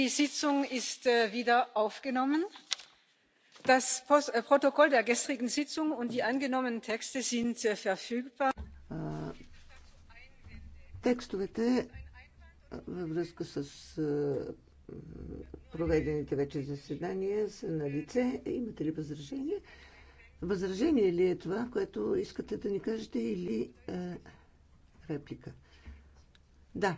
die sitzung ist äh, wieder aufgenommen. das äh, protokoll der gestrigen sitzung und die angenommenen texte sind äh, verfügbar. текстовете э, във връзка с э, проведените вече заседания са на лице. Имате ли възражение? Възражение ли е това, което искате да ни кажете или е, реплика? Да.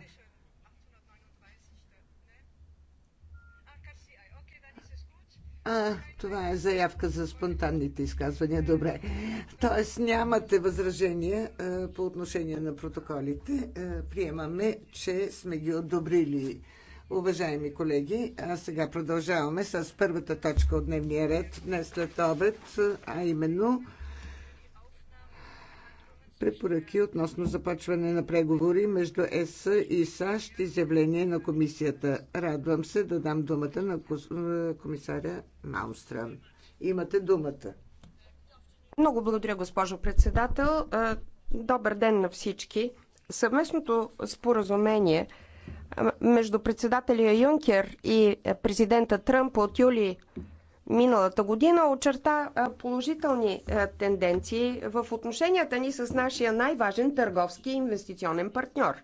А, това е заявка за спонтанните изказвания. Добре. Тоест нямате възражения а, по отношение на протоколите. А, приемаме, че сме ги одобрили. Уважаеми колеги, а сега продължаваме с първата точка от дневния ред днес след обед, а именно препоръки относно започване на преговори между ЕС и САЩ, заявление на комисията. Радвам се да дам думата на комисаря Маустрам. Имате думата. Много благодаря, госпожо председател. Е, добър ден на всички. Съвместното споразумение е, между председателя Юнкер и е, президента Тръмп от юли миналата година очерта положителни тенденции в отношенията ни с нашия най-важен търговски и инвестиционен партньор.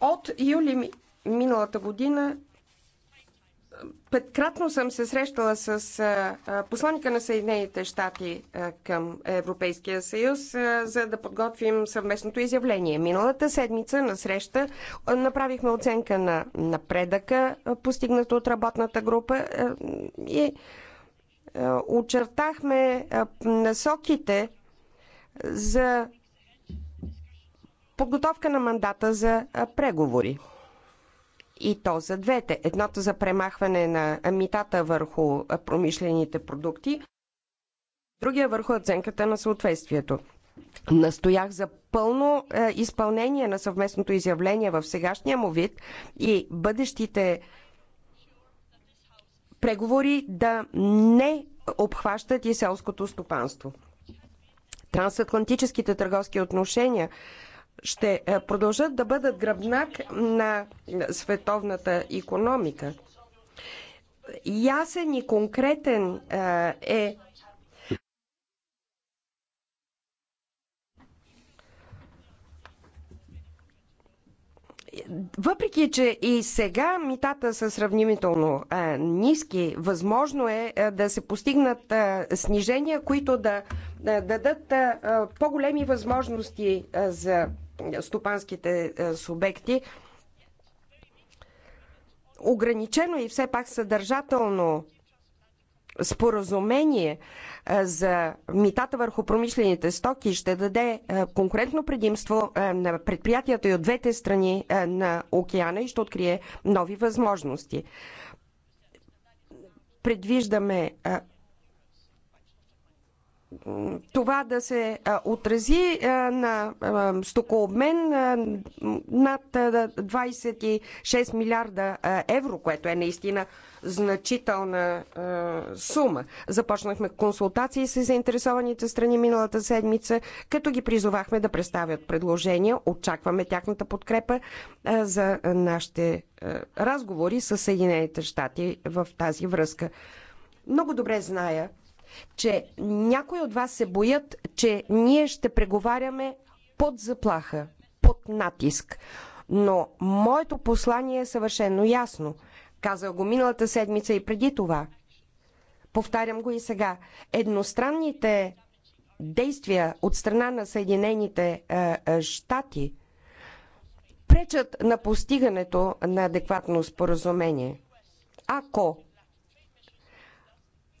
От юли миналата година Петкратно съм се срещала с посланника на Съединените щати към Европейския съюз, за да подготвим съвместното изявление. Миналата седмица на среща направихме оценка на напредъка, постигната от работната група и очертахме насоките за подготовка на мандата за преговори и то за двете. Едното за премахване на митата върху промишлените продукти, другия върху оценката на съответствието. Настоях за пълно е, изпълнение на съвместното изявление в сегашния му вид и бъдещите преговори да не обхващат и селското стопанство. Трансатлантическите търговски отношения ще е, продължат да бъдат гръбнак на световната економика. Ясен и конкретен е, е Въпреки, че и сега митата са сравнително а, е, ниски, възможно е а, да се постигнат а, снижения, които да, да дадат по-големи възможности а, за стопанските е, субекти. Ограничено и все пак съдържателно споразумение е, за митата върху промишлените стоки ще даде е, конкурентно предимство на предприятията и от двете страни на океана и ще открие нови възможности. Предвиждаме това да се отрази на стокообмен над 26 милиарда евро, което е наистина значителна сума. Започнахме консултации с заинтересованите страни миналата седмица, като ги призовахме да представят предложения. Очакваме тяхната подкрепа за нашите разговори с Съединените щати в тази връзка. Много добре зная, че някои от вас се боят, че ние ще преговаряме под заплаха, под натиск. Но моето послание е съвършено ясно. Казах го миналата седмица и преди това. Повтарям го и сега. Едностранните действия от страна на Съединените е, е, щати пречат на постигането на адекватно споразумение. Ако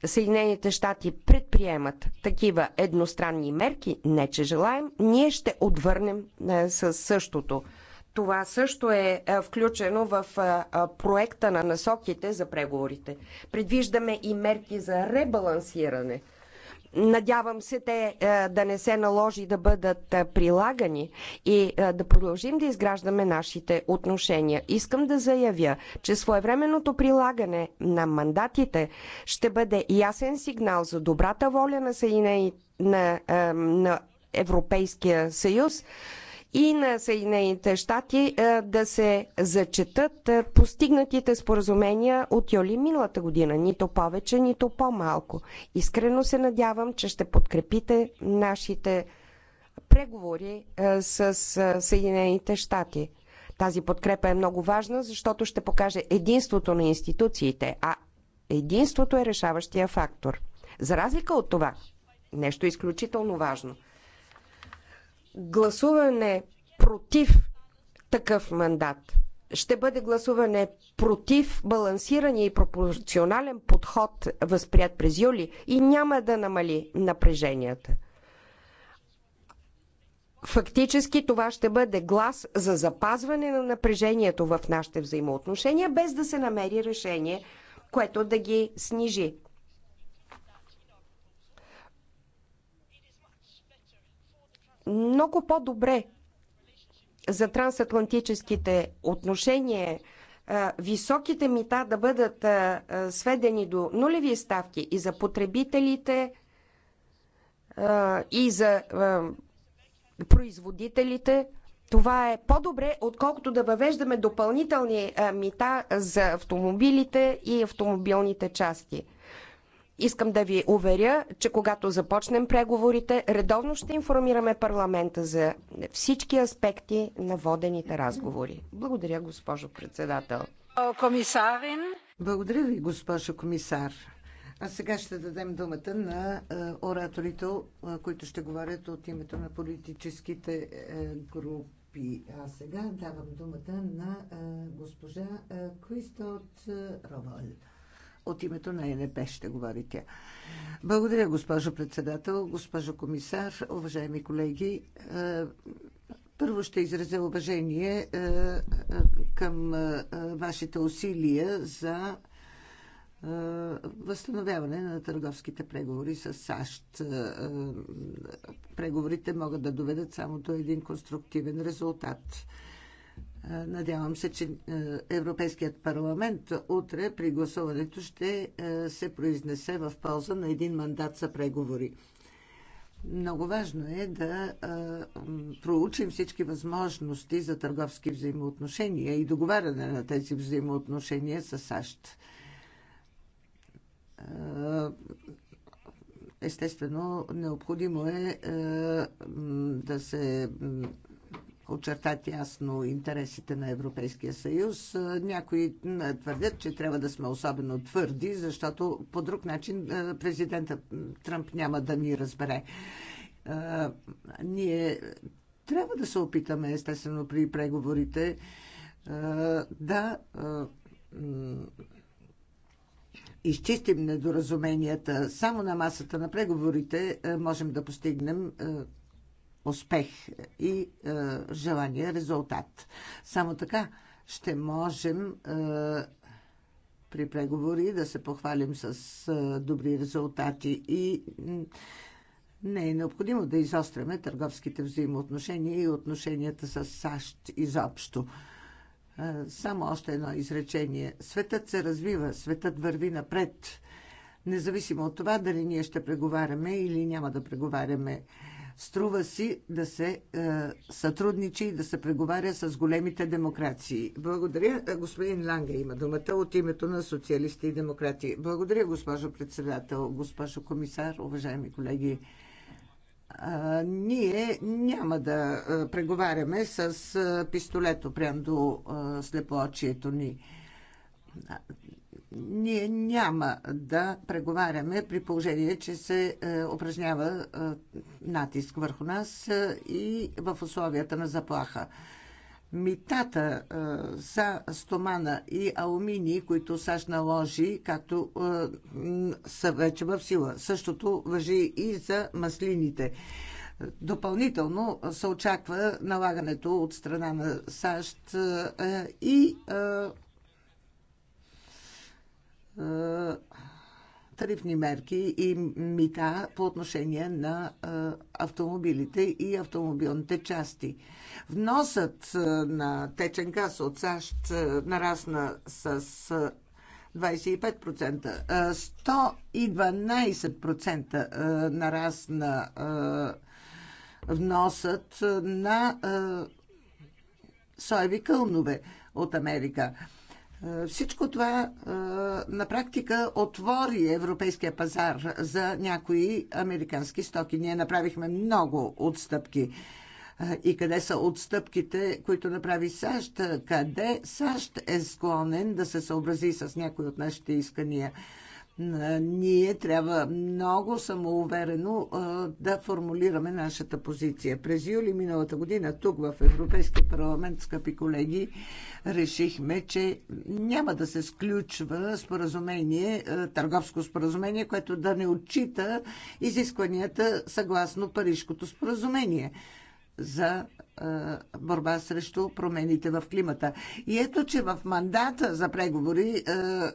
Съединените щати предприемат такива едностранни мерки, не че желаем, ние ще отвърнем е, с същото. Това също е, е включено в е, проекта на насоките за преговорите. Предвиждаме и мерки за ребалансиране – Надявам се те е, да не се наложи да бъдат е, прилагани и е, да продължим да изграждаме нашите отношения. Искам да заявя, че своевременното прилагане на мандатите ще бъде ясен сигнал за добрата воля на, на, на Европейския съюз и на Съединените щати е, да се зачетат е, постигнатите споразумения от юли миналата година. Нито повече, нито по-малко. Искрено се надявам, че ще подкрепите нашите преговори е, с Съединените щати. Тази подкрепа е много важна, защото ще покаже единството на институциите, а единството е решаващия фактор. За разлика от това, нещо изключително важно – гласуване против такъв мандат ще бъде гласуване против балансирания и пропорционален подход, възприят през юли, и няма да намали напреженията. Фактически това ще бъде глас за запазване на напрежението в нашите взаимоотношения, без да се намери решение, което да ги снижи. много по-добре за трансатлантическите отношения високите мита да бъдат сведени до нулеви ставки и за потребителите, и за производителите. Това е по-добре, отколкото да въвеждаме допълнителни мита за автомобилите и автомобилните части. Искам да ви уверя, че когато започнем преговорите, редовно ще информираме парламента за всички аспекти на водените разговори. Благодаря, госпожо председател. Комисарин. Благодаря ви, госпожо комисар. А сега ще дадем думата на е, ораторите, е, които ще говорят от името на политическите е, групи. А сега давам думата на госпожа Кристот Роваль от името на ЕНП ще говорите. Благодаря, госпожо председател, госпожо комисар, уважаеми колеги. Е, първо ще изразя уважение е, към е, вашите усилия за възстановяване на търговските преговори с САЩ. Преговорите могат да доведат само до един конструктивен резултат. Надявам се, че е, Европейският парламент утре при гласуването ще е, се произнесе в полза на един мандат за преговори. Много важно е да е, проучим всички възможности за търговски взаимоотношения и договаряне на тези взаимоотношения с САЩ. Естествено, необходимо е да се очерта ясно интересите на Европейския съюз. Някои твърдят, че трябва да сме особено твърди, защото по друг начин президента Тръмп няма да ни разбере. Ние трябва да се опитаме, естествено, при преговорите да изчистим недоразуменията. Само на масата на преговорите можем да постигнем успех и е, желания резултат. Само така ще можем е, при преговори да се похвалим с е, добри резултати и не е необходимо да изостряме търговските взаимоотношения и отношенията с САЩ изобщо. Е, само още едно изречение. Светът се развива, светът върви напред. Независимо от това дали ние ще преговаряме или няма да преговаряме. Струва си да се е, сътрудничи и да се преговаря с големите демокрации. Благодаря. Е, господин Ланга има думата от името на социалисти и демократи. Благодаря, госпожо председател, госпожо комисар, уважаеми колеги. А, е, ние няма да а, е, преговаряме с а, пистолето прямо до а, слепоочието ни ние няма да преговаряме при положение, че се е, упражнява е, натиск върху нас е, и в условията на заплаха. Митата е, за стомана и алумини, които САЩ наложи, както е, са вече в сила. Същото въжи и за маслините. Допълнително се очаква налагането от страна на САЩ е, и е, тарифни мерки и мита по отношение на автомобилите и автомобилните части. Вносът на течен газ от САЩ нарасна с 25%. 112% нарасна вносът на соеви кълнове от Америка. Е, всичко това е, на практика отвори европейския пазар за някои американски стоки. Ние направихме много отстъпки. Е, и къде са отстъпките, които направи САЩ? Къде САЩ е склонен да се съобрази с някои от нашите искания? ние трябва много самоуверено да формулираме нашата позиция. През юли миналата година тук в Европейския парламент, скъпи колеги, решихме, че няма да се сключва споразумение, търговско споразумение, което да не отчита изискванията съгласно Парижкото споразумение за е, борба срещу промените в климата. И ето, че в мандата за преговори е,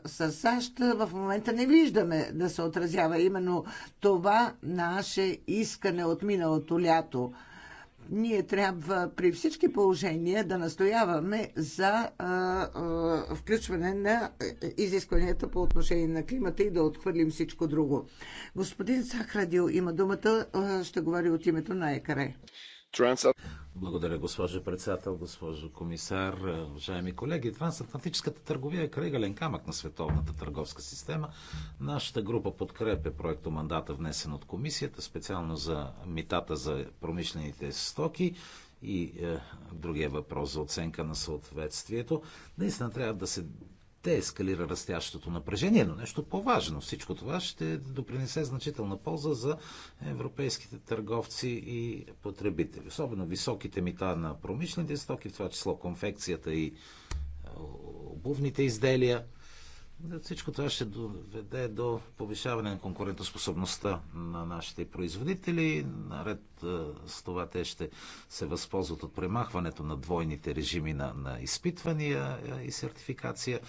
с САЩ в момента не виждаме да се отразява именно това наше искане от миналото лято ние трябва при всички положения да настояваме за а, е, а, включване на изискванията по отношение на климата и да отхвърлим всичко друго. Господин Сахрадил има думата, ще говори от името на ЕКАРЕ. Благодаря, госпожо председател, госпожо комисар, уважаеми колеги. Трансатлантическата търговия е крайгален камък на световната търговска система. Нашата група подкрепя проекто мандата, внесен от комисията, специално за митата за промишлените стоки и е, другия въпрос за оценка на съответствието. Наистина трябва да се деескалира растящото напрежение, но нещо по-важно. Всичко това ще допринесе значителна полза за европейските търговци и потребители. Особено високите мита на промишлените стоки, в това число конфекцията и обувните изделия – всичко това ще доведе до повишаване на конкурентоспособността на нашите производители. Наред с това те ще се възползват от премахването на двойните режими на, на изпитвания и сертификация,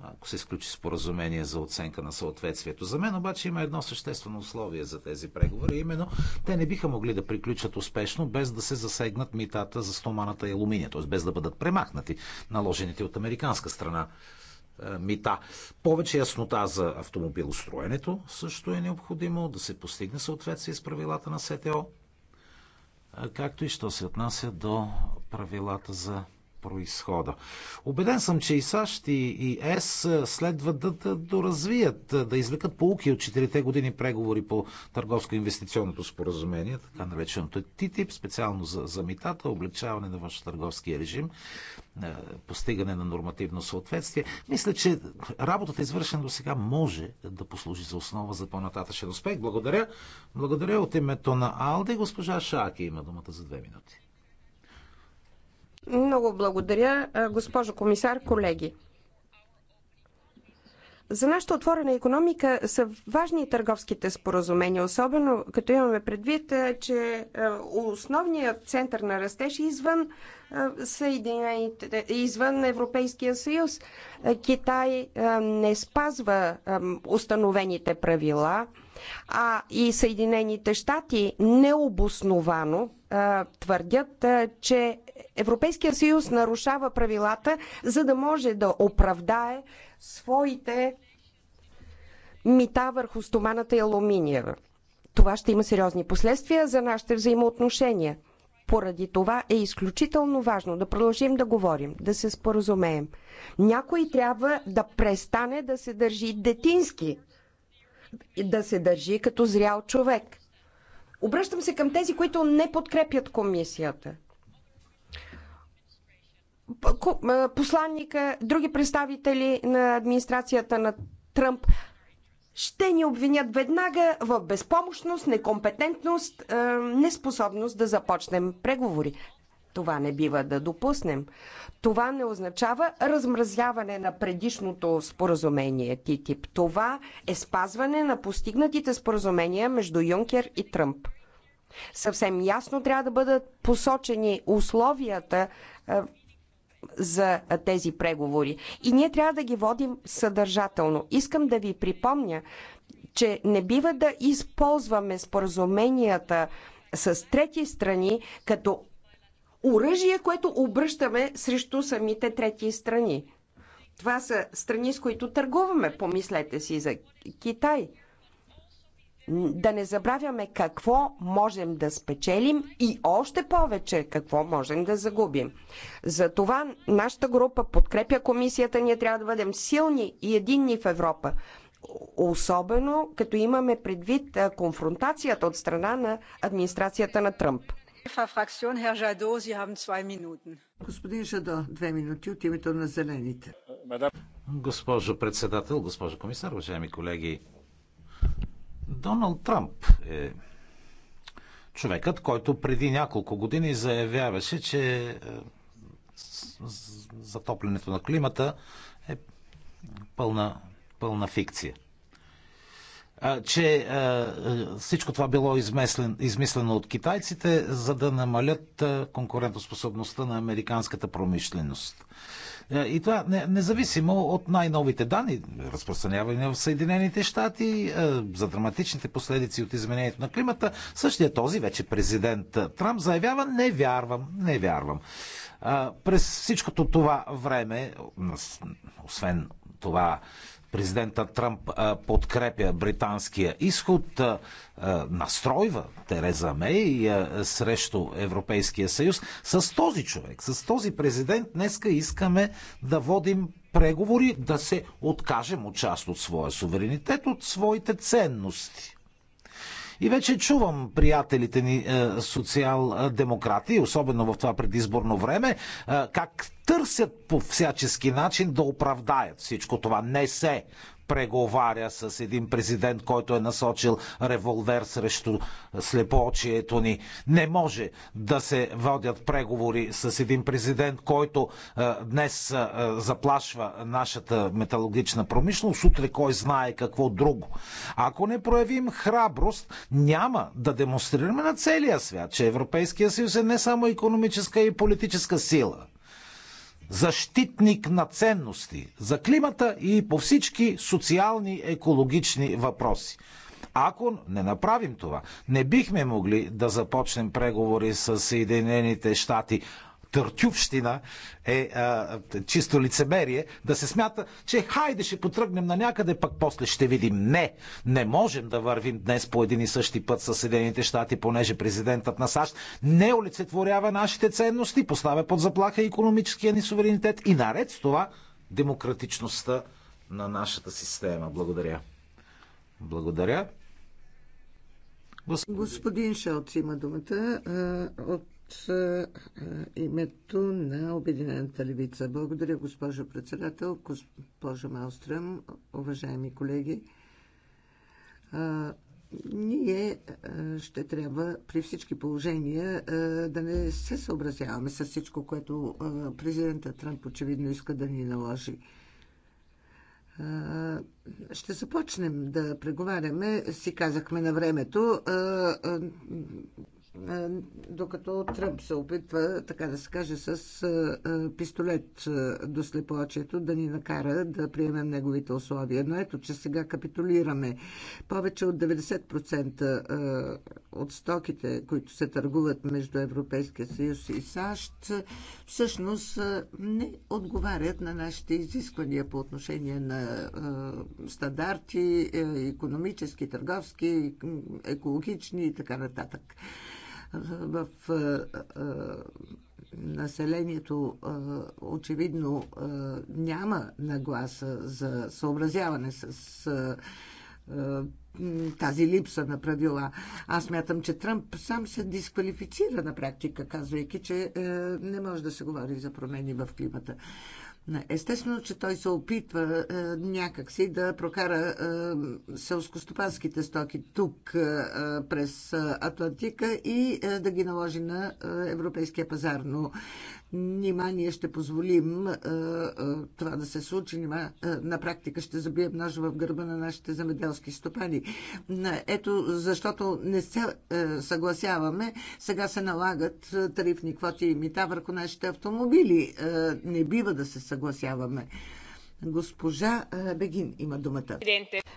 ако се изключи споразумение за оценка на съответствието. За мен обаче има едно съществено условие за тези преговори. Именно те не биха могли да приключат успешно, без да се засегнат митата за стоманата и алуминия, т.е. без да бъдат премахнати наложените от американска страна е, мита. Повече яснота за автомобилостроенето също е необходимо да се постигне съответствие с правилата на СТО, е, както и що се отнася до правилата за происхода. Обеден съм, че и САЩ и ЕС следва да, да доразвият, да извлекат полуки от четирите години преговори по търговско-инвестиционното споразумение, така нареченото ТИТИП, специално за, за митата, облегчаване на външно-търговския режим, постигане на нормативно съответствие. Мисля, че работата, извършена до сега, може да послужи за основа за по-нататъчен успех. Благодаря. Благодаря от името на Алде. Госпожа Шаки има думата за две минути. Много благодаря, госпожо комисар, колеги. За нашата отворена економика са важни търговските споразумения, особено като имаме предвид, че основният център на растеж е извън, извън Европейския съюз. Китай не спазва установените правила, а и Съединените щати необосновано твърдят, че Европейския съюз нарушава правилата, за да може да оправдае своите мита върху стоманата и алуминия. Това ще има сериозни последствия за нашите взаимоотношения. Поради това е изключително важно да продължим да говорим, да се споразумеем. Някой трябва да престане да се държи детински, да се държи като зрял човек – Обръщам се към тези, които не подкрепят комисията. Посланника, други представители на администрацията на Тръмп ще ни обвинят веднага в безпомощност, некомпетентност, неспособност да започнем преговори. Това не бива да допуснем. Това не означава размразяване на предишното споразумение ТИТИП. Това е спазване на постигнатите споразумения между Юнкер и Тръмп. Съвсем ясно трябва да бъдат посочени условията е, за тези преговори. И ние трябва да ги водим съдържателно. Искам да ви припомня, че не бива да използваме споразуменията с трети страни като оръжие, което обръщаме срещу самите трети страни. Това са страни, с които търгуваме. Помислете си за Китай – да не забравяме какво можем да спечелим и още повече какво можем да загубим. Затова нашата група подкрепя комисията, ние трябва да бъдем силни и единни в Европа. Особено като имаме предвид конфронтацията от страна на администрацията на Тръмп. Господин Жадо, две минути от името на Зелените. Госпожо председател, госпожо комисар, уважаеми колеги, Доналд Трамп е човекът, който преди няколко години заявяваше, че е, затоплянето на климата е пълна, пълна фикция че всичко това било измислено от китайците, за да намалят конкурентоспособността на американската промишленост. И това независимо от най-новите данни, разпространявани в Съединените щати, за драматичните последици от изменението на климата, същия този вече президент Трамп заявява не вярвам, не вярвам. През всичкото това време, освен това Президента Тръмп подкрепя британския изход, настройва Тереза Мей срещу Европейския съюз. С този човек, с този президент днеска искаме да водим преговори, да се откажем от част от своя суверенитет, от своите ценности. И вече чувам приятелите ни е, социал-демократи, особено в това предизборно време, е, как търсят по всячески начин да оправдаят всичко това. Не се преговаря с един президент, който е насочил револвер срещу слепоочието ни. Не може да се водят преговори с един президент, който е, днес е, заплашва нашата металогична промишленост, утре кой знае какво друго. Ако не проявим храброст, няма да демонстрираме на целия свят, че Европейския съюз е не само економическа и политическа сила – защитник на ценности за климата и по всички социални екологични въпроси. Ако не направим това, не бихме могли да започнем преговори с Съединените щати търтювщина е а, чисто лицемерие, да се смята, че хайде ще потръгнем на някъде, пък после ще видим. Не, не можем да вървим днес по един и същи път с Съединените щати, понеже президентът на САЩ не олицетворява нашите ценности, поставя под заплаха економическия ни суверенитет и наред с това демократичността на нашата система. Благодаря. Благодаря. Господин, Господин Шалц има думата от е, е, името на Обединената левица. Благодаря, госпожо председател, госпожо Малстръм, уважаеми колеги. Е, ние ще трябва при всички положения да не се съобразяваме с всичко, което президента Трамп очевидно иска да ни наложи. Ще започнем да преговаряме, си казахме на времето. Е, докато Тръмп се опитва, така да се каже, с е, е, пистолет до слепоочието да ни накара да приемем неговите условия. Но ето, че сега капитулираме. Повече от 90% от стоките, които се търгуват между Европейския съюз и САЩ, всъщност не отговарят на нашите изисквания по отношение на стандарти, економически, търговски, екологични и така нататък в населението очевидно няма нагласа за съобразяване с тази липса на правила. Аз мятам, че Тръмп сам се дисквалифицира на практика, казвайки, че не може да се говори за промени в климата. Естествено, че той се опитва е, някакси да прокара е, селскостопанските стоки тук е, през е, Атлантика и е, да ги наложи на е, европейския пазар. Но Нима ние ще позволим това да се случи, нима на практика ще забием нож в гърба на нашите замеделски стопани. Ето, защото не се съгласяваме, сега се налагат тарифни квоти и мита върху нашите автомобили. Не бива да се съгласяваме. Госпожа Бегин има думата.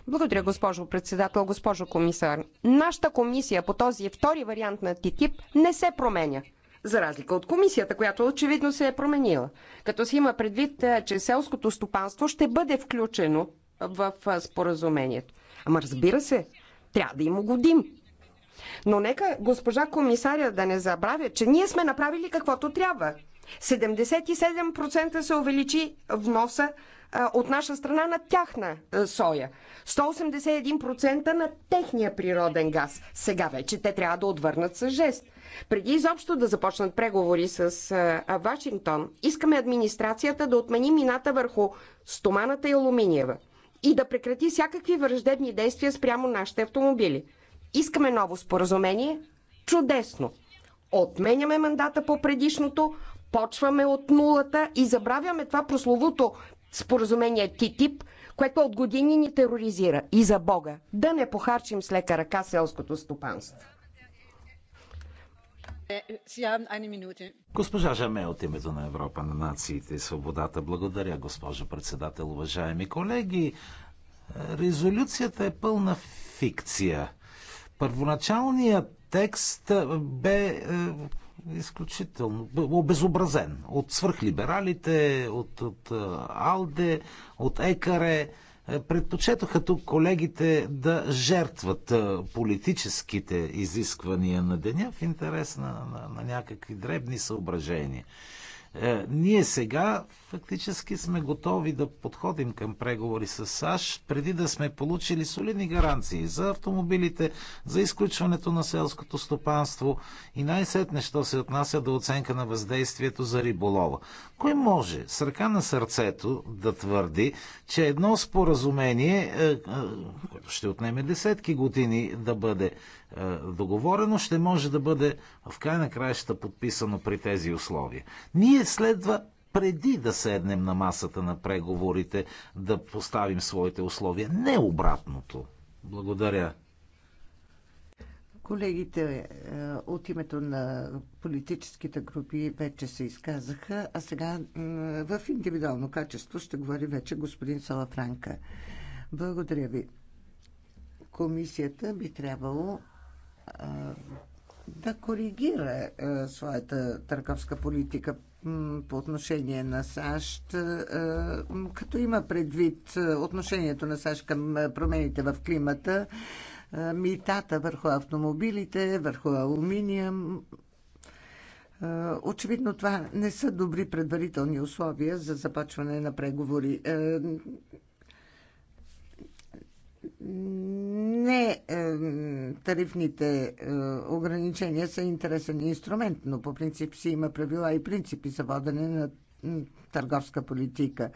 Благодаря, госпожо председател, госпожо комисар. Нашата комисия по този втори вариант на ТИТИП не се променя за разлика от комисията, която очевидно се е променила. Като си има предвид, е, че селското стопанство ще бъде включено в е, споразумението. Ама разбира се, трябва да им угодим. Но нека госпожа комисаря да не забравя, че ние сме направили каквото трябва. 77% се увеличи вноса е, от наша страна на тяхна соя. 181% на техния природен газ. Сега вече те трябва да отвърнат с жест. Преди изобщо да започнат преговори с а, Вашингтон, искаме администрацията да отмени мината върху стоманата и алуминиева и да прекрати всякакви враждебни действия спрямо нашите автомобили. Искаме ново споразумение? Чудесно! Отменяме мандата по предишното, почваме от нулата и забравяме това прословото, споразумение ТИТИП, което от години ни тероризира. И за Бога, да не похарчим с лека ръка селското стопанство. Е, е, Госпожа Жаме от името на Европа на нациите и свободата. Благодаря, госпожо председател, уважаеми колеги. Е, резолюцията е пълна фикция. Първоначалният текст бе е, изключително обезобразен от свръхлибералите, от, от Алде, от Екаре. Е, предпочетоха тук колегите да жертват е, политическите изисквания на деня в интерес на, на, на някакви дребни съображения. Е, ние сега фактически сме готови да подходим към преговори с САЩ, преди да сме получили солидни гаранции за автомобилите, за изключването на селското стопанство и най-сетне, що се отнася до оценка на въздействието за риболова. Кой може с ръка на сърцето да твърди, че едно споразумение, е, е, което ще отнеме десетки години да бъде е, договорено, ще може да бъде в край на краища подписано при тези условия. Ние следва преди да седнем на масата на преговорите, да поставим своите условия. Не обратното. Благодаря. Колегите е, от името на политическите групи вече се изказаха, а сега в индивидуално качество ще говори вече господин Салафранка. Благодаря ви. Комисията би трябвало е, да коригира е, своята търговска политика по отношение на САЩ, е, като има предвид отношението на САЩ към промените в климата, митата върху автомобилите, върху алуминия. Очевидно това не са добри предварителни условия за започване на преговори не е, тарифните е, ограничения са интересен инструмент, но по принцип си има правила и принципи за водене на търговска политика.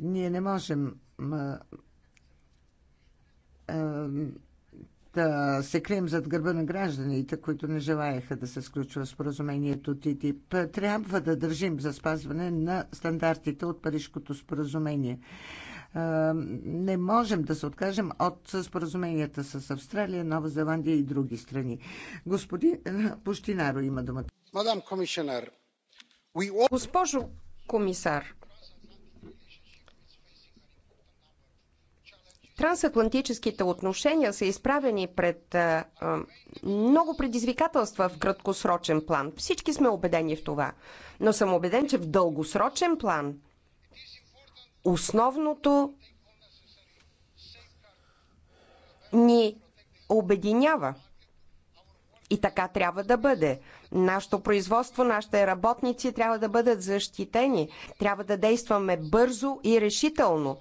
Ние не можем е, да се крием зад гърба на гражданите, които не желаяха да се сключва споразумението ТИТИП. Трябва да държим за спазване на стандартите от Парижкото споразумение не можем да се откажем от споразуменията с Австралия, Нова Зеландия и други страни. Господин Пуштинаро има думата. Мадам комисионер, Госпожо комисар, трансатлантическите отношения са изправени пред а, много предизвикателства в краткосрочен план. Всички сме убедени в това. Но съм убеден, че в дългосрочен план – основното ни обединява. И така трябва да бъде. Нашето производство, нашите работници трябва да бъдат защитени. Трябва да действаме бързо и решително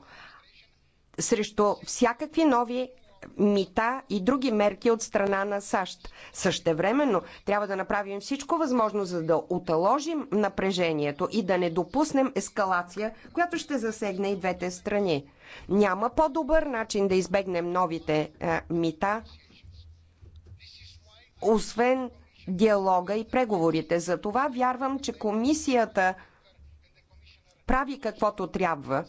срещу всякакви нови мита и други мерки от страна на САЩ. Същевременно трябва да направим всичко възможно, за да оталожим напрежението и да не допуснем ескалация, която ще засегне и двете страни. Няма по-добър начин да избегнем новите е, мита, освен диалога и преговорите. За това вярвам, че комисията прави каквото трябва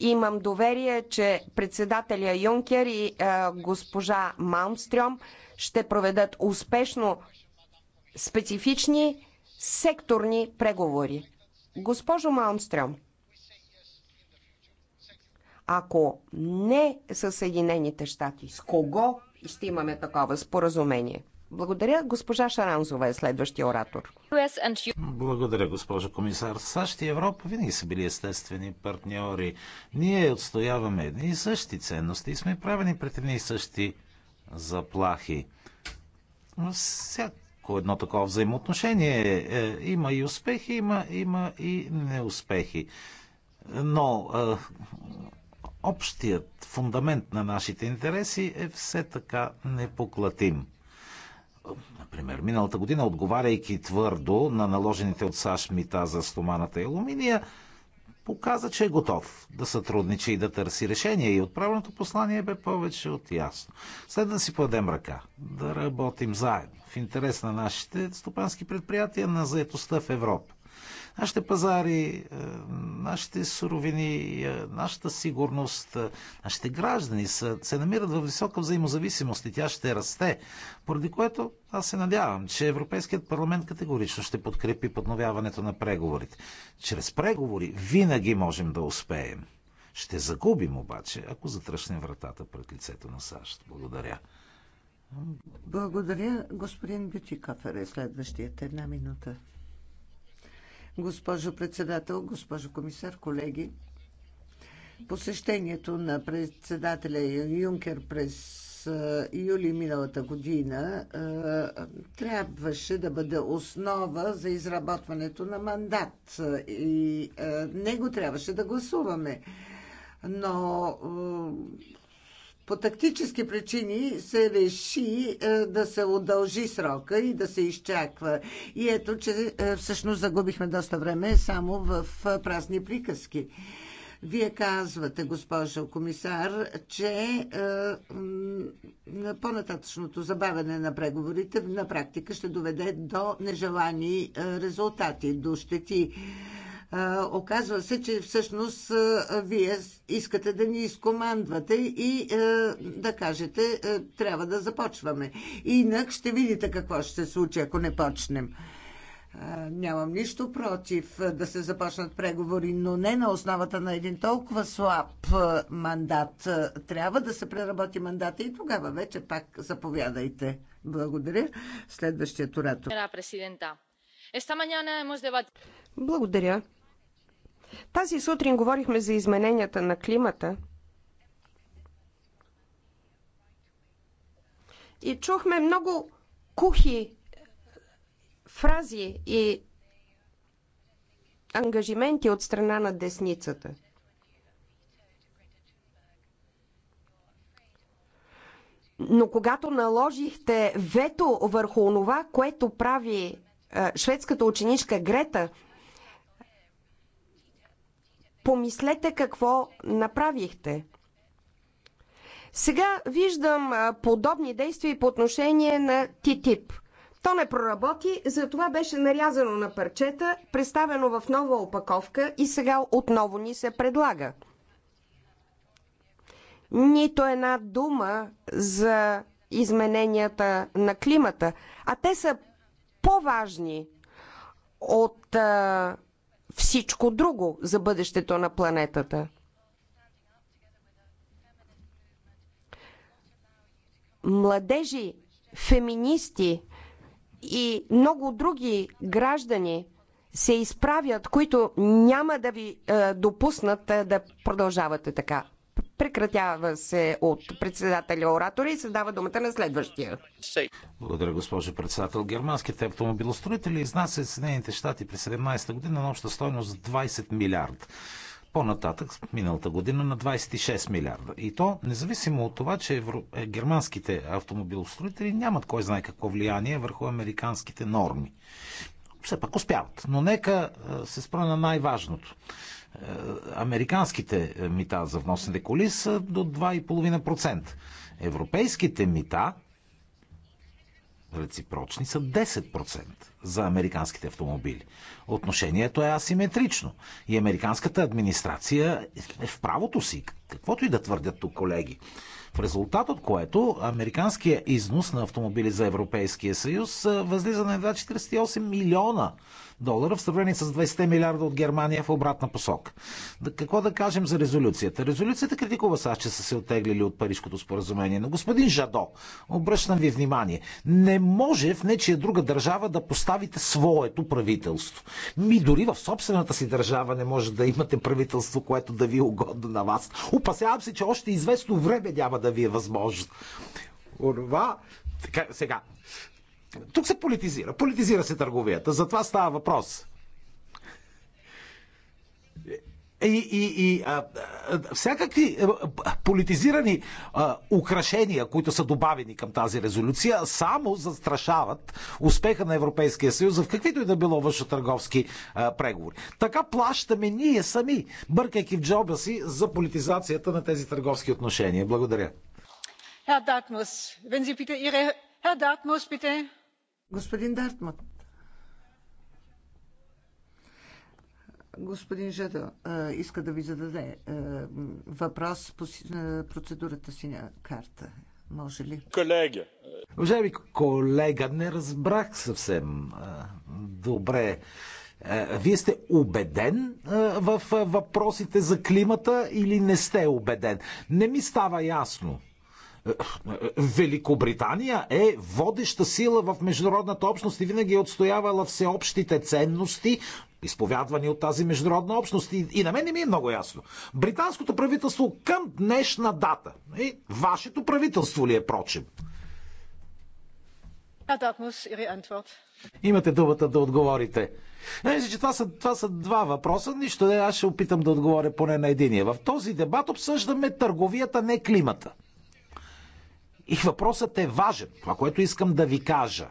Имам доверие, че председателя Юнкер и а, е, госпожа Малмстрём ще проведат успешно специфични секторни преговори. Госпожо Малмстрём, ако не с Съединените щати, с кого ще имаме такова споразумение? Благодаря. Госпожа Шаранзова е следващия оратор. Благодаря, госпожа комисар. САЩ и Европа винаги са били естествени партньори. Ние отстояваме едни и същи ценности и сме правени пред едни и същи заплахи. Всяко едно такова взаимоотношение е, има и успехи, има, има и неуспехи. Но е, общият фундамент на нашите интереси е все така непоклатим например, миналата година, отговаряйки твърдо на наложените от САЩ мита за стоманата и алуминия, показа, че е готов да сътрудничи и да търси решение. И отправеното послание бе повече от ясно. След да си подем ръка, да работим заедно в интерес на нашите стопански предприятия на заетостта в Европа нашите пазари, е, нашите суровини, е, нашата сигурност, е, нашите граждани са, се намират в висока взаимозависимост и тя ще расте, поради което аз се надявам, че Европейският парламент категорично ще подкрепи подновяването на преговорите. Чрез преговори винаги можем да успеем. Ще загубим обаче, ако затръщнем вратата пред лицето на САЩ. Благодаря. Благодаря. Господин Бютикафер е следващият. Една минута госпожо председател, госпожо комисар, колеги. Посещението на председателя Юнкер през е, юли миналата година е, трябваше да бъде основа за изработването на мандат е, и него трябваше да гласуваме. Но по тактически причини се реши е, да се удължи срока и да се изчаква. И ето, че е, всъщност загубихме доста време само в е, празни приказки. Вие казвате, госпожо комисар, че е, по-нататъчното забавяне на преговорите на практика ще доведе до нежелани резултати, до щети оказва се, че всъщност вие искате да ни изкомандвате и да кажете, трябва да започваме. Инак ще видите какво ще се случи, ако не почнем. Нямам нищо против да се започнат преговори, но не на основата на един толкова слаб мандат. Трябва да се преработи мандата и тогава вече пак заповядайте. Благодаря. Следващия оратор. Благодаря. Тази сутрин говорихме за измененията на климата и чухме много кухи фрази и ангажименти от страна на десницата. Но когато наложихте вето върху онова, което прави е, шведската ученичка Грета, Помислете какво направихте. Сега виждам подобни действия по отношение на ТИТИП. То не проработи, затова беше нарязано на парчета, представено в нова опаковка и сега отново ни се предлага. Нито една дума за измененията на климата, а те са по-важни от а, всичко друго за бъдещето на планетата. Младежи, феминисти и много други граждани се изправят, които няма да ви е, допуснат е, да продължавате така. Прекратява се от председателя оратора и се дава думата на следващия. Благодаря, госпожо председател. Германските автомобилостроители изнасят Съединените щати през 17-та година на обща стойност 20 милиард. По-нататък, миналата година, на 26 милиарда. И то, независимо от това, че евро... Е, германските автомобилостроители нямат кой знае какво влияние върху американските норми. Все пак успяват. Но нека е, се спра на най-важното е, американските е, мита за вносните коли са до 2,5%. Европейските мита реципрочни са 10% за американските автомобили. Отношението е асиметрично. И американската администрация е в правото си, каквото и да твърдят тук колеги. В резултат от което американският износ на автомобили за Европейския съюз е, възлиза на едва 48 милиона долара в сравнение с 20 милиарда от Германия в обратна посока. Какво да кажем за резолюцията? Резолюцията критикува САЩ, че са се отеглили от Парижското споразумение. Но господин Жадо, обръщам ви внимание, не може в нечия друга държава да поставите своето правителство. Ми дори в собствената си държава не може да имате правителство, което да ви е угодно на вас. Опасявам се, че още известно време няма да ви е възможно. Онова, сега, тук се политизира. Политизира се търговията. За това става въпрос. И, и, и а, всякакви е, политизирани а, е, украшения, които са добавени към тази резолюция, само застрашават успеха на Европейския съюз в каквито и да било външно-търговски е, преговори. Така плащаме ние сами, бъркайки в джоба си за политизацията на тези търговски отношения. Благодаря. Herr Dartmus, wenn Sie bitte Ihre... Herr Dartmus, bitte. Господин Дартмут. Господин Жада иска да ви зададе въпрос по процедурата на карта. Може ли? Колега. Уважаеми колега, не разбрах съвсем добре. Вие сте убеден в въпросите за климата или не сте убеден? Не ми става ясно. Великобритания е водеща сила в международната общност и винаги е отстоявала всеобщите ценности, изповядвани от тази международна общност. И, и на мен не ми е много ясно. Британското правителство към днешна дата. И вашето правителство ли е, прочим? Имате думата да отговорите. Е, значи, че това са, това са два въпроса. Нищо, аз ще опитам да отговоря поне на единия. В този дебат обсъждаме търговията, не климата. И въпросът е важен. Това, което искам да ви кажа.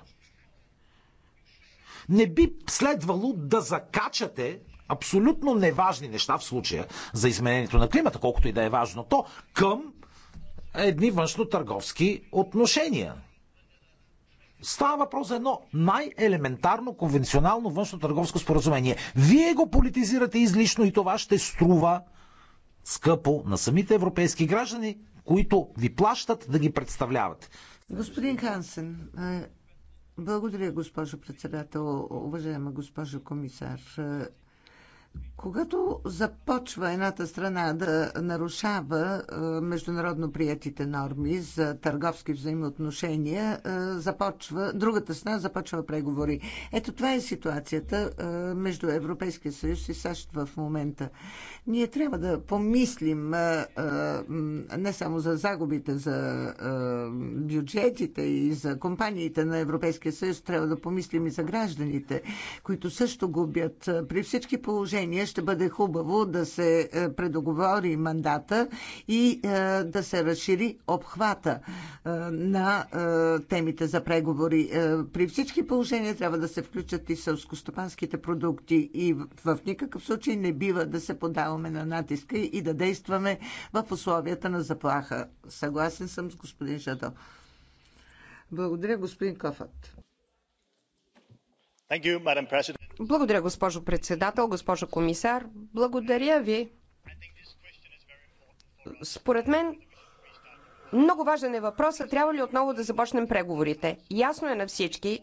Не би следвало да закачате абсолютно неважни неща в случая за изменението на климата, колкото и да е важно то, към едни външно-търговски отношения. Става въпрос за едно най-елементарно конвенционално външно-търговско споразумение. Вие го политизирате излишно и това ще струва скъпо на самите европейски граждани които ви плащат да ги представляват. Господин Хансен, е, благодаря, госпожо председател, уважаема госпожо комисар. Е, когато започва едната страна да нарушава е, международно приятите норми за търговски взаимоотношения, е, започва, другата страна започва преговори. Ето това е ситуацията е, между Европейския съюз и САЩ в момента. Ние трябва да помислим не само за загубите, за бюджетите и за компаниите на Европейския съюз, трябва да помислим и за гражданите, които също губят при всички положения изпълнение ще бъде хубаво да се е, предоговори мандата и е, да се разшири обхвата е, на темите за преговори. При всички положения трябва да се включат и сълскостопанските продукти и в никакъв случай не бива да се подаваме на натиска и да действаме в условията на заплаха. Съгласен съм с господин Жадо. Благодаря, господин Кофът. Благодаря, госпожо председател, госпожо комисар. Благодаря ви. Според мен, много важен е въпросът, трябва ли отново да започнем преговорите. Ясно е на всички,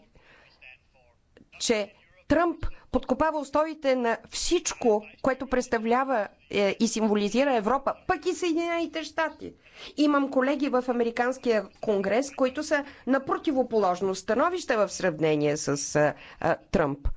че Тръмп подкопава устоите на всичко, което представлява е, и символизира Европа, пък и Съединените щати. Имам колеги в Американския конгрес, които са на противоположно становище в сравнение с е, е, Тръмп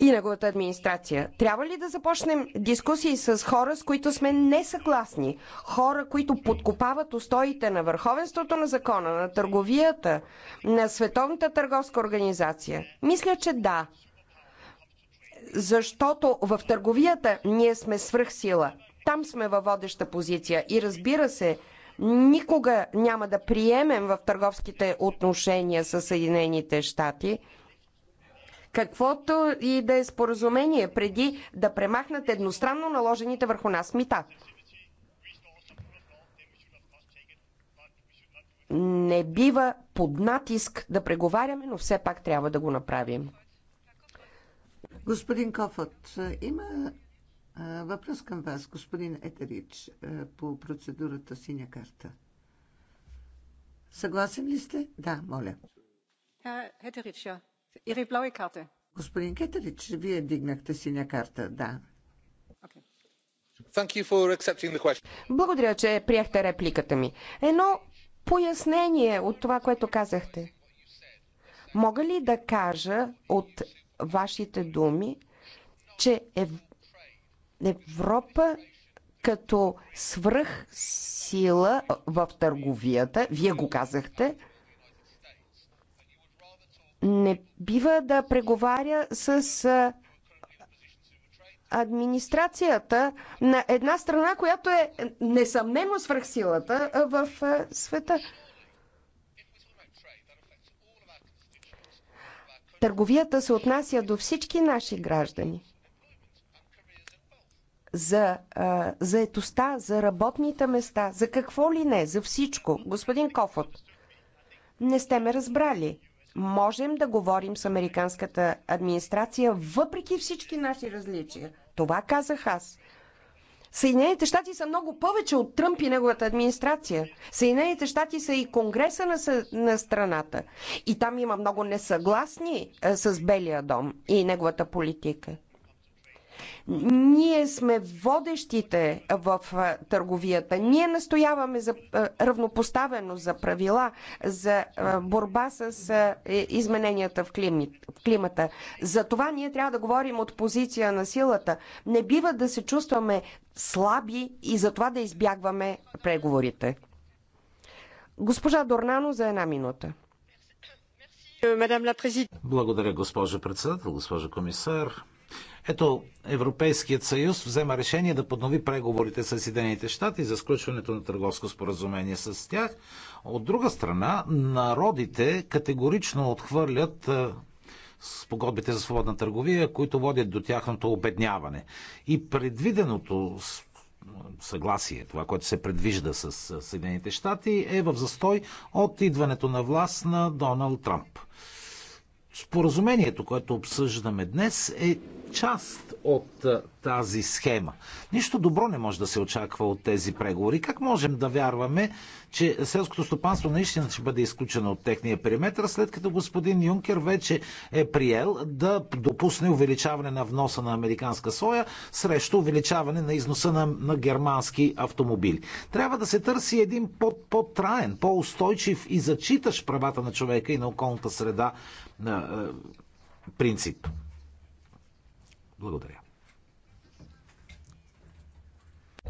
и неговата администрация. Трябва ли да започнем дискусии с хора, с които сме несъгласни? Хора, които подкопават устоите на върховенството на закона, на търговията, на Световната търговска организация? Мисля, че да. Защото в търговията ние сме свръхсила. Там сме във водеща позиция. И разбира се, никога няма да приемем в търговските отношения с Съединените щати – каквото и да е споразумение, преди да премахнат едностранно наложените върху нас мита. Не бива под натиск да преговаряме, но все пак трябва да го направим. Господин Кофът, има въпрос към вас, господин Етерич, по процедурата синя карта. Съгласен ли сте? Да, моля. Е, Етерич, Ihre blaue карта. Господин Кетерич, вие дигнахте синя карта, да. Благодаря, че приехте репликата ми. Едно пояснение от това, което казахте. Мога ли да кажа от вашите думи, че Ев... Европа като свръхсила в търговията, вие го казахте, не бива да преговаря с администрацията на една страна, която е несъмнено свръхсилата в света. Търговията се отнася до всички наши граждани. За заетостта, за работните места, за какво ли не, за всичко. Господин Кофот, не сте ме разбрали можем да говорим с американската администрация, въпреки всички наши различия. Това казах аз. Съединените щати са много повече от Тръмп и неговата администрация. Съединените щати са и Конгреса на, съ... на страната. И там има много несъгласни е, с Белия дом и неговата политика. Ние сме водещите в търговията. Ние настояваме за равнопоставено, за правила, за борба с измененията в климата. За това ние трябва да говорим от позиция на силата. Не бива да се чувстваме слаби и за това да избягваме преговорите. Госпожа Дорнано за една минута. Благодаря, госпожо председател, госпожо комисар. Ето, Европейският съюз взема решение да поднови преговорите с Съединените щати за сключването на търговско споразумение с тях. От друга страна, народите категорично отхвърлят е, спогодбите за свободна търговия, които водят до тяхното обедняване. И предвиденото съгласие, това, което се предвижда с Съединените щати, е в застой от идването на власт на Доналд Трамп. Споразумението, което обсъждаме днес, е част от тази схема. Нищо добро не може да се очаква от тези преговори. Как можем да вярваме, че селското стопанство наистина ще бъде изключено от техния периметр, след като господин Юнкер вече е приел да допусне увеличаване на вноса на американска соя срещу увеличаване на износа на, на германски автомобили? Трябва да се търси един по-траен, по-устойчив и зачитащ правата на човека и на околната среда на принцип. Благодаря.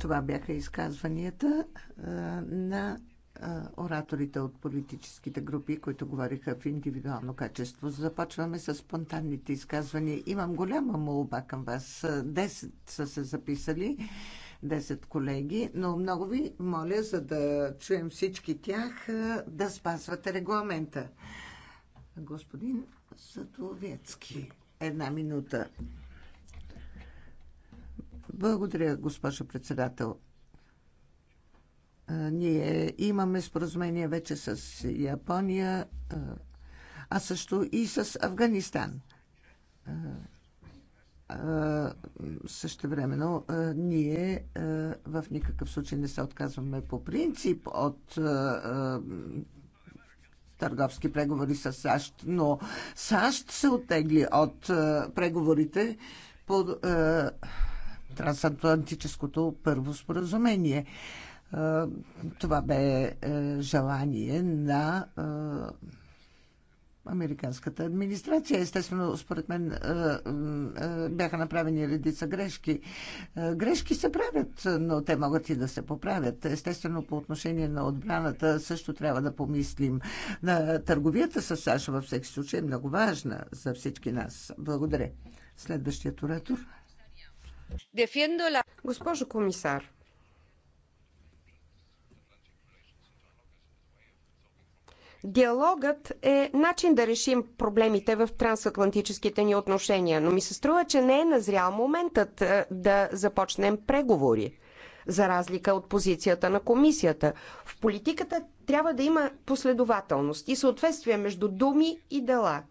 Това бяха изказванията на ораторите от политическите групи, които говориха в индивидуално качество. Започваме с спонтанните изказвания. Имам голяма молба към вас. Десет са се записали, десет колеги, но много ви моля, за да чуем всички тях, да спазвате регламента. Господин Сатовецки, една минута. Благодаря, госпожо председател. Ние имаме споразумение вече с Япония, а също и с Афганистан. Също времено ние в никакъв случай не се отказваме по принцип от търговски преговори с САЩ, но САЩ се оттегли от е, преговорите по е, трансатлантическото първо споразумение. Е, това бе желание на американската администрация. Естествено, според мен е, е, е, бяха направени редица грешки. Грешки се правят, но те могат и да се поправят. Естествено, по отношение на отбраната също трябва да помислим. На търговията с САЩ във всеки случай е много важна за всички нас. Благодаря. Следващият оратор. Госпожо комисар, Диалогът е начин да решим проблемите в трансатлантическите ни отношения, но ми се струва, че не е назрял моментът е, да започнем преговори. За разлика от позицията на комисията, в политиката трябва да има последователност и съответствие между думи и дела.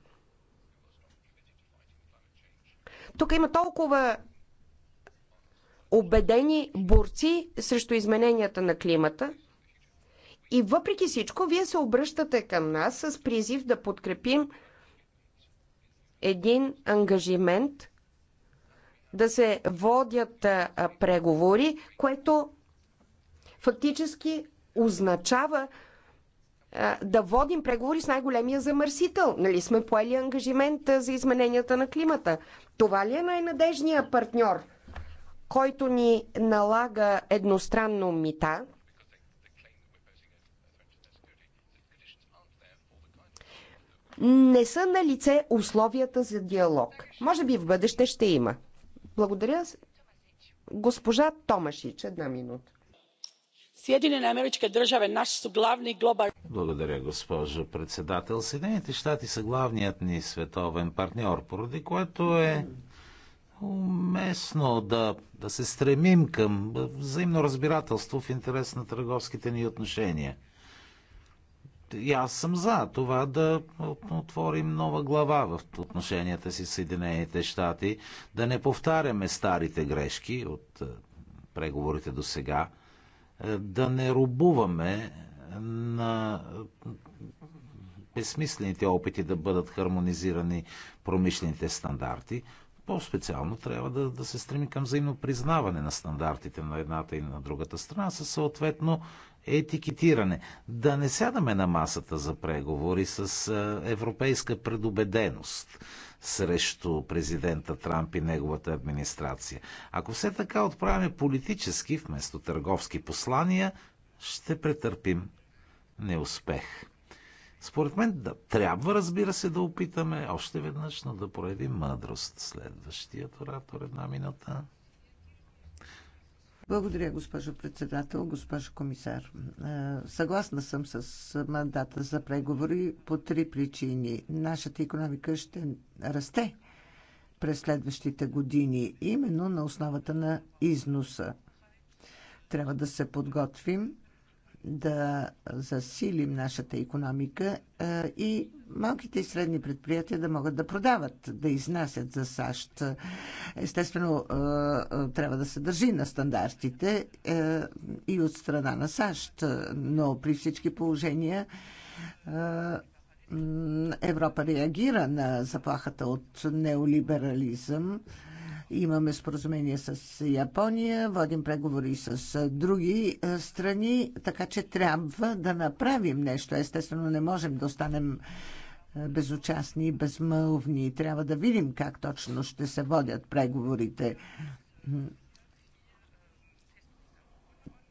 Тук има толкова убедени борци срещу измененията на климата – и въпреки всичко, вие се обръщате към нас с призив да подкрепим един ангажимент да се водят преговори, което фактически означава да водим преговори с най-големия замърсител. Нали сме поели ангажимент за измененията на климата? Това ли е най-надежният партньор, който ни налага едностранно мита, не са на лице условията за диалог. Може би в бъдеще ще има. Благодаря. Госпожа Томашич, една минута. Sjedinjene američke države наш са главни глобал. Благодаря, госпожо председател. Съединените щати са главният ни световен партньор, поради което е уместно да, да се стремим към взаимно разбирателство в интерес на търговските ни отношения и аз съм за това да отворим нова глава в отношенията си с Съединените щати, да не повтаряме старите грешки от е, преговорите до сега, е, да не рубуваме на е, безсмислените опити да бъдат хармонизирани промишлените стандарти. По-специално трябва да, да се стреми към взаимно признаване на стандартите на едната и на другата страна, със съответно етикетиране. Да не сядаме на масата за преговори с е, европейска предубеденост срещу президента Трамп и неговата администрация. Ако все така отправяме политически вместо търговски послания, ще претърпим неуспех. Според мен да, трябва, разбира се, да опитаме още веднъж, но да проявим мъдрост. Следващият оратор една минута. Благодаря, госпожо председател, госпожо комисар. Е, съгласна съм с мандата за преговори по три причини. Нашата економика ще расте през следващите години, именно на основата на износа. Трябва да се подготвим да засилим нашата економика е, и малките и средни предприятия да могат да продават, да изнасят за САЩ. Естествено, е, е, трябва да се държи на стандартите и от страна на САЩ, но при всички положения Европа реагира на заплахата от неолиберализъм Имаме споразумение с Япония, водим преговори с други страни, така че трябва да направим нещо. Естествено, не можем да останем безучастни и безмълвни. Трябва да видим как точно ще се водят преговорите.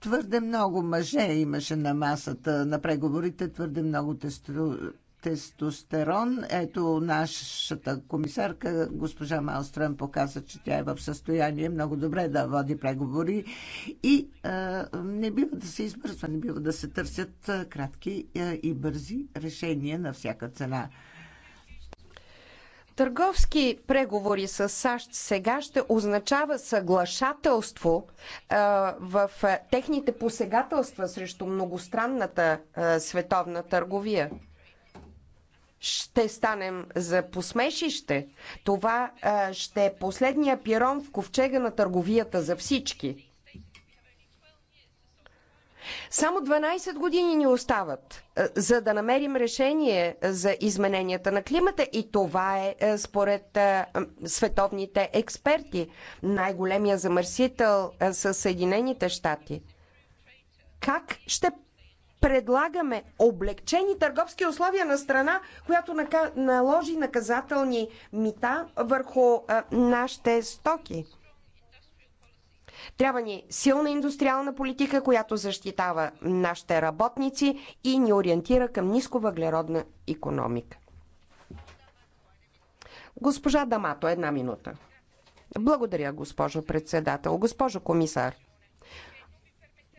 Твърде много мъже имаше на масата на преговорите, твърде много тесто тестостерон. Ето нашата комисарка, госпожа Малстрън, показа, че тя е в състояние много добре да води преговори и а, не бива да се избързва, не бива да се търсят кратки и бързи решения на всяка цена. Търговски преговори с САЩ сега ще означава съглашателство а, в а, техните посегателства срещу многостранната а, световна търговия ще станем за посмешище. Това а, ще е последния пирон в ковчега на търговията за всички. Само 12 години ни остават, за да намерим решение за измененията на климата и това е според световните експерти най-големия замърсител са Съединените щати. Как ще предлагаме облегчени търговски условия на страна, която наложи наказателни мита върху нашите стоки. Трябва ни силна индустриална политика, която защитава нашите работници и ни ориентира към ниско въглеродна економика. Госпожа Дамато, една минута. Благодаря, госпожо председател. Госпожо комисар,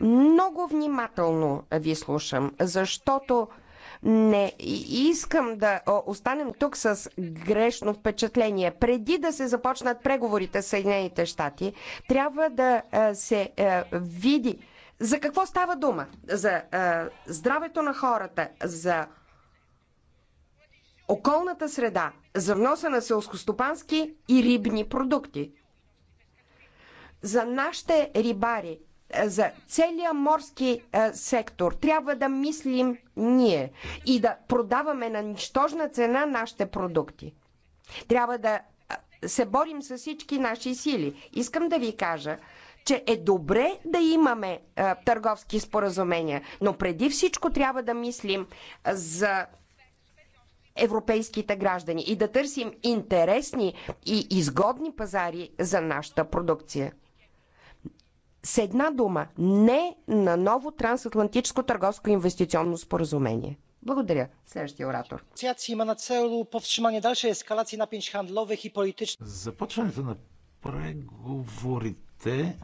много внимателно ви слушам, защото не искам да останем тук с грешно впечатление. Преди да се започнат преговорите с Съединените щати, трябва да е, се е, види за какво става дума. За е, здравето на хората, за околната среда, за вноса на селскостопански и рибни продукти. За нашите рибари за целия морски а, сектор трябва да мислим ние и да продаваме на нищожна цена нашите продукти. Трябва да се борим с всички наши сили. Искам да ви кажа, че е добре да имаме а, търговски споразумения, но преди всичко трябва да мислим за европейските граждани и да търсим интересни и изгодни пазари за нашата продукция с една дума не на ново трансатлантическо търговско инвестиционно споразумение. Благодаря. Следващия оратор. има на цел повсtrzymanie dalszej ескалации на handlowych и politycznych. Започването на преговорите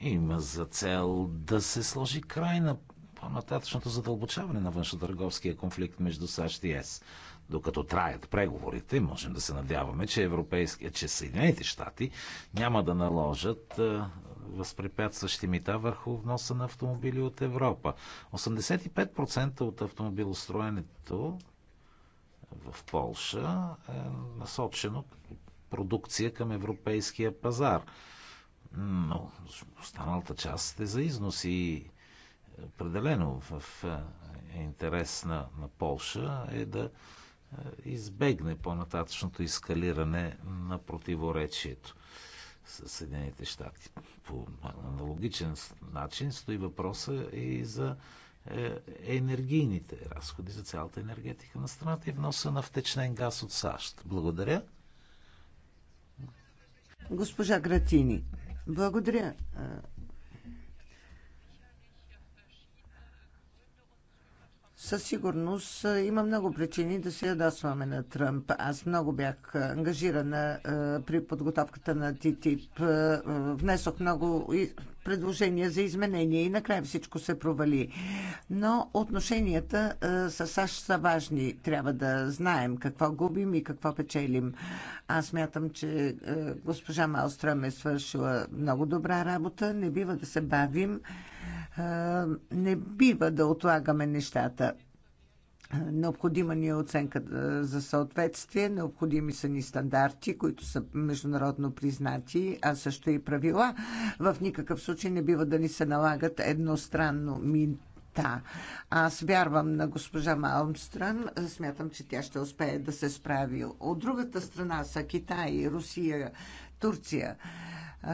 има за цел да се сложи край на по-нататъчното задълбочаване на външно-търговския конфликт между САЩ и ЕС. Докато траят преговорите, можем да се надяваме, че, европейски, че Съединените щати няма да наложат възпрепятстващи мита върху вноса на автомобили от Европа. 85% от автомобилостроенето в Полша е насочено продукция към европейския пазар. Но останалата част е за износ и определено в е, е, интерес на, на Полша е да е, избегне по-нататъчното изкалиране на противоречието с Съединените щати. По аналогичен начин стои въпроса и за е, енергийните разходи за цялата енергетика на страната и вноса на втечнен газ от САЩ. Благодаря. Госпожа Гратини, благодаря. Със сигурност има много причини да се ядосваме на Тръмп. Аз много бях ангажирана при подготовката на ТТИП. Внесох много предложения за изменения и накрая всичко се провали. Но отношенията с САЩ са важни. Трябва да знаем какво губим и какво печелим. Аз мятам, че госпожа Малстрам е свършила много добра работа. Не бива да се бавим. Не бива да отлагаме нещата. Необходима ни е оценка за съответствие, необходими са ни стандарти, които са международно признати, а също и правила. В никакъв случай не бива да ни се налагат едностранно мита. аз вярвам на госпожа Малмстрън. Смятам, че тя ще успее да се справи. От другата страна са Китай, Русия, Турция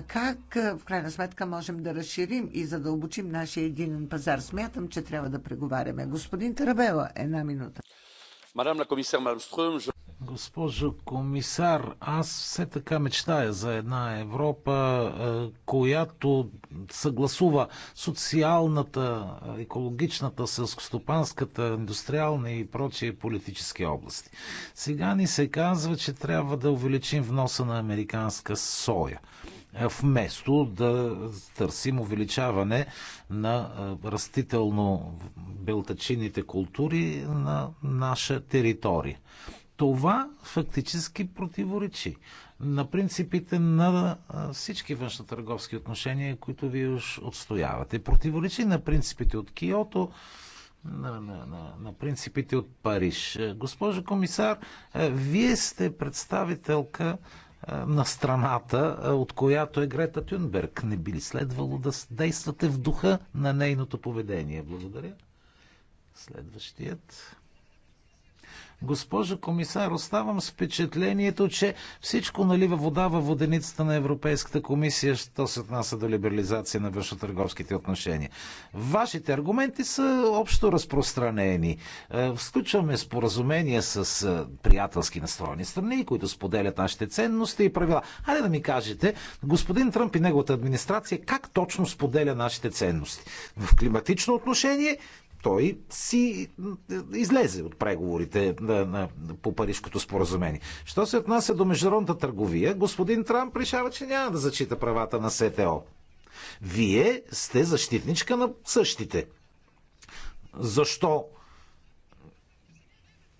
как в крайна сметка можем да разширим и задълбочим да нашия единен пазар. Смятам, че трябва да преговаряме. Господин Тарабела, една минута. Мадам на комисар Госпожо комисар, аз все така мечтая за една Европа, е, която съгласува социалната, екологичната, селскостопанската, индустриална и прочие политически области. Сега ни се казва, че трябва да увеличим вноса на американска соя е, вместо да търсим увеличаване на е, растително белтачините култури на наша територия. Това фактически противоречи на принципите на всички външно-търговски отношения, които вие уж отстоявате. Противоречи на принципите от Киото, на, на, на, на принципите от Париж. Е, госпожо комисар, е, вие сте представителка е, на страната, от която е Грета Тюнберг. Не би ли следвало да действате в духа на нейното поведение? Благодаря. Следващият. Госпожо комисар, оставам с впечатлението, че всичко налива вода във воденицата на Европейската комисия, що се отнася до либерализация на външно-търговските отношения. Вашите аргументи са общо разпространени. Включваме е, споразумения с е, приятелски настроени страни, които споделят нашите ценности и правила. Хайде да ми кажете, господин Тръмп и неговата администрация как точно споделя нашите ценности? В климатично отношение той си излезе от преговорите по Парижското споразумение. Що се отнася до международната търговия, господин Трамп решава, че няма да зачита правата на СТО. Вие сте защитничка на същите. Защо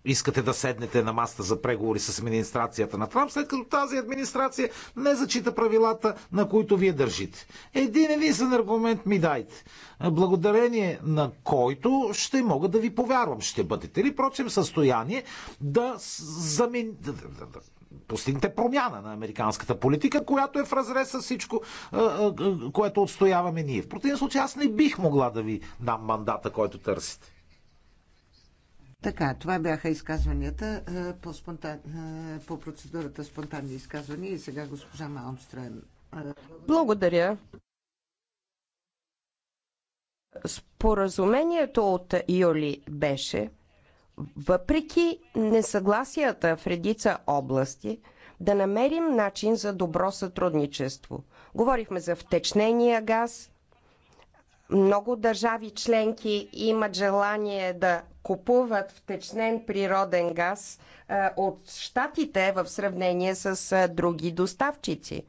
искате да седнете на маста за преговори с администрацията на Трамп, след като тази администрация не зачита правилата, на които вие държите. Един единствен аргумент ми дайте, благодарение на който ще мога да ви повярвам. Ще бъдете ли, прочим, състояние да, замен... постигнете промяна на американската политика, която е в разрез с всичко, което отстояваме ние. В противен случай аз не бих могла да ви дам мандата, който търсите. Така, това бяха изказванията е, по, спонтан... Е, по процедурата спонтанни изказвания и сега госпожа Малмстрен. Е, Благодаря. Споразумението от юли беше, въпреки несъгласията в редица области, да намерим начин за добро сътрудничество. Говорихме за втечнения газ, много държави членки имат желание да купуват втечнен природен газ е, от щатите в сравнение с е, други доставчици.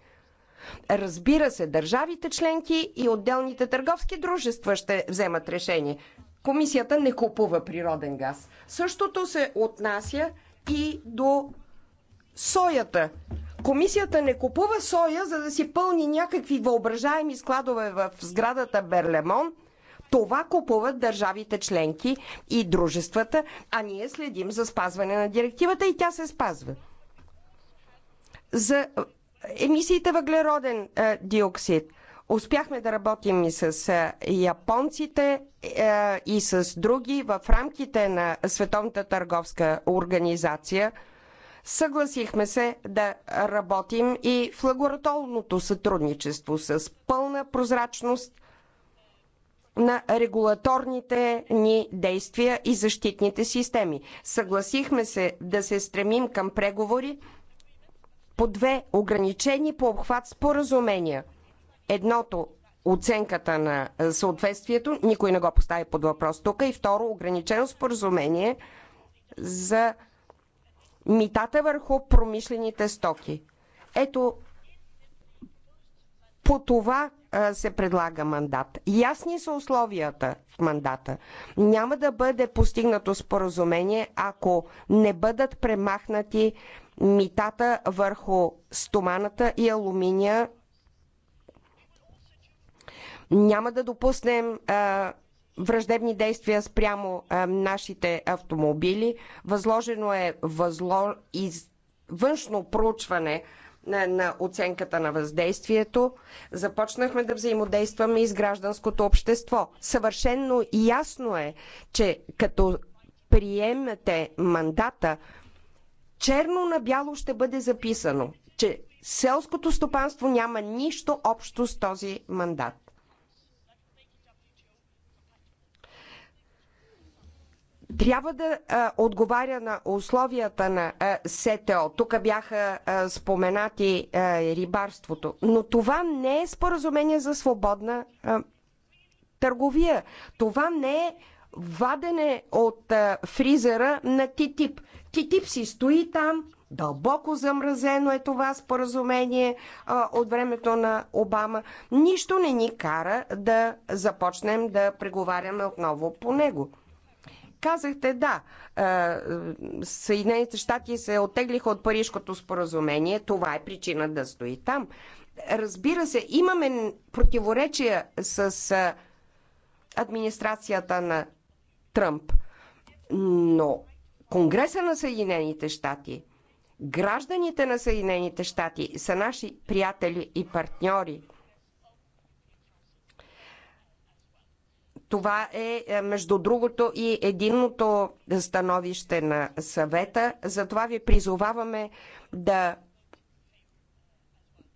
Разбира се, държавите членки и отделните търговски дружества ще вземат решение. Комисията не купува природен газ. Същото се отнася и до соята. Комисията не купува соя, за да си пълни някакви въображаеми складове в сградата Берлемон. Това купуват държавите членки и дружествата, а ние следим за спазване на директивата и тя се спазва. За е, емисиите въглероден е, диоксид успяхме да работим и с е, японците е, и с други в рамките на Световната търговска организация – Съгласихме се да работим и в лабораторното сътрудничество с пълна прозрачност на регулаторните ни действия и защитните системи. Съгласихме се да се стремим към преговори по две ограничени по обхват споразумения. Едното оценката на съответствието, никой не го постави под въпрос тук, и второ ограничено споразумение за митата върху промишлените стоки. Ето, по това се предлага мандат. Ясни са условията в мандата. Няма да бъде постигнато споразумение, ако не бъдат премахнати митата върху стоманата и алуминия. Няма да допуснем а, враждебни действия спрямо а, нашите автомобили. Възложено е възло... из... външно проучване на, на оценката на въздействието. Започнахме да взаимодействаме и с гражданското общество. Съвършенно ясно е, че като приемете мандата, черно на бяло ще бъде записано, че селското стопанство няма нищо общо с този мандат. трябва да а, отговаря на условията на а, СТО. Тук бяха а, споменати а, рибарството. Но това не е споразумение за свободна а, търговия. Това не е вадене от а, фризера на ТИТИП. ТИТИП си стои там, дълбоко замразено е това споразумение а, от времето на Обама. Нищо не ни кара да започнем да преговаряме отново по него. Казахте да, е, Съединените щати се оттеглиха от Парижкото споразумение. Това е причина да стои там. Разбира се, имаме противоречия с е, администрацията на Тръмп, но Конгреса на Съединените щати, гражданите на Съединените щати са наши приятели и партньори. Това е, е, между другото, и единното становище на съвета. Затова ви призоваваме да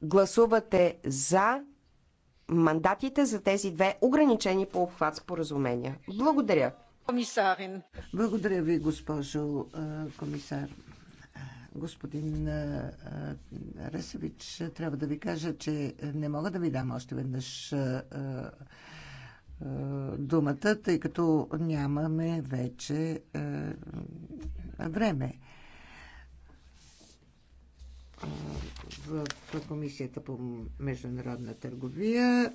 гласувате за мандатите за тези две ограничени по обхват споразумения. Благодаря. Комисарин. Благодаря ви, госпожо е, комисар. Е, господин Ресевич, трябва да ви кажа, че не мога да ви дам още веднъж думата, тъй като нямаме вече е, време. В Комисията по международна търговия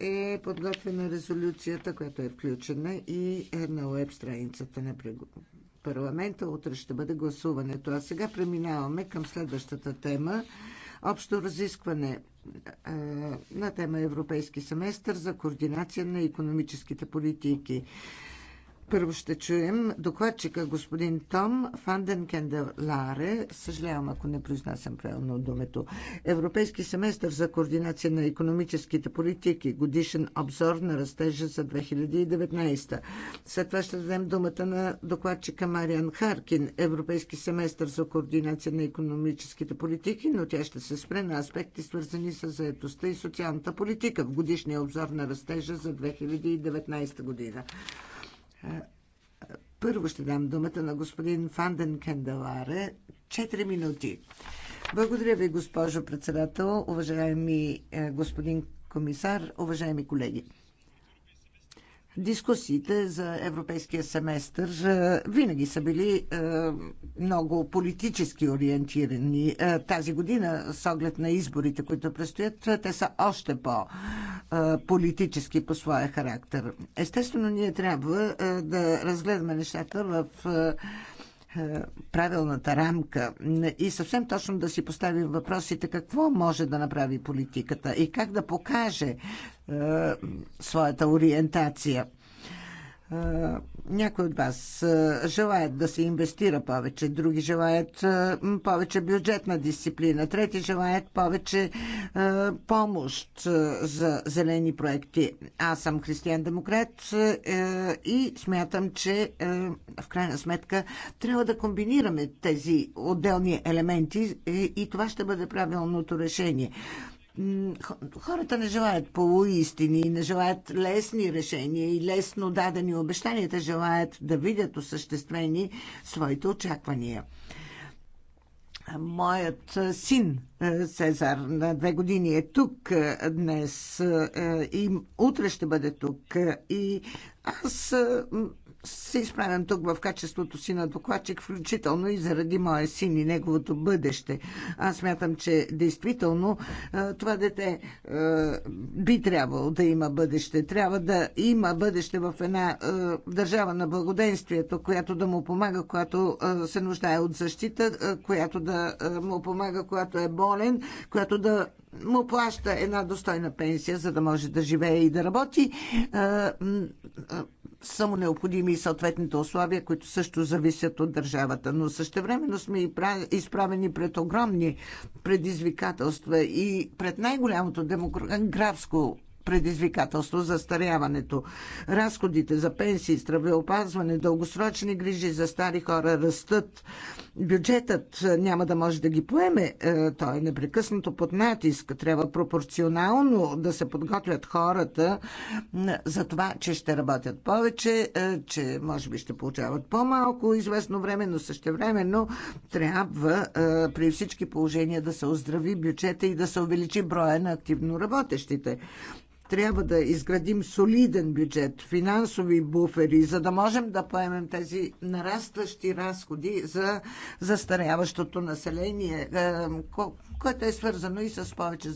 е, е подготвена резолюцията, която е включена и е на уеб страницата на парламента. Утре ще бъде гласуването. А сега преминаваме към следващата тема общо разискване е, на тема Европейски семестър за координация на економическите политики. Първо ще чуем докладчика господин Том Фанден Кенделаре, съжалявам ако не произнасям правилно думето, Европейски семестър за координация на економическите политики, годишен обзор на растежа за 2019. След това ще дадем думата на докладчика Мариан Харкин, Европейски семестър за координация на економическите политики, но тя ще се спре на аспекти свързани с заедостта и социалната политика в годишния обзор на растежа за 2019 година. Първо ще дам думата на господин Фанден Кенделаре. Четири минути. Благодаря ви, госпожо председател, уважаеми е, господин комисар, уважаеми колеги. Дискусиите за европейския семестър е, винаги са били е, много политически ориентирани. Е, тази година, с оглед на изборите, които предстоят, те са още по-политически по своя характер. Естествено, ние трябва да разгледаме нещата в е, правилната рамка и съвсем точно да си поставим въпросите какво може да направи политиката и как да покаже е, своята ориентация. Някои от вас желаят да се инвестира повече, други желаят повече бюджетна дисциплина, трети желаят повече помощ за зелени проекти. Аз съм християн-демократ е, и смятам, че в крайна сметка трябва да комбинираме тези отделни елементи е, и това ще бъде правилното решение. Хората не желаят полуистини, не желаят лесни решения и лесно дадени обещания. Те желаят да видят осъществени своите очаквания. Моят син Цезар на две години е тук днес и утре ще бъде тук. И аз се изправям тук в качеството си на докладчик, включително и заради моя син и неговото бъдеще. Аз мятам, че действително това дете би трябвало да има бъдеще. Трябва да има бъдеще в една държава на благоденствието, която да му помага, която се нуждае от защита, която да му помага, която е болен, която да му плаща една достойна пенсия, за да може да живее и да работи са му необходими и съответните условия, които също зависят от държавата. Но същевременно сме изправени пред огромни предизвикателства и пред най-голямото демографско предизвикателство за старяването. Разходите за пенсии, здравеопазване, дългосрочни грижи за стари хора растат. Бюджетът е, няма да може да ги поеме. Е, той е непрекъснато под натиск. Трябва пропорционално да се подготвят хората за това, че ще работят повече, е, че може би ще получават по-малко известно време, но същевременно трябва при всички положения да се оздрави бюджета и да се увеличи броя на активно работещите. Трябва да изградим солиден бюджет, финансови буфери, за да можем да поемем тези нарастващи разходи за застаряващото население, е, което е свързано и с повече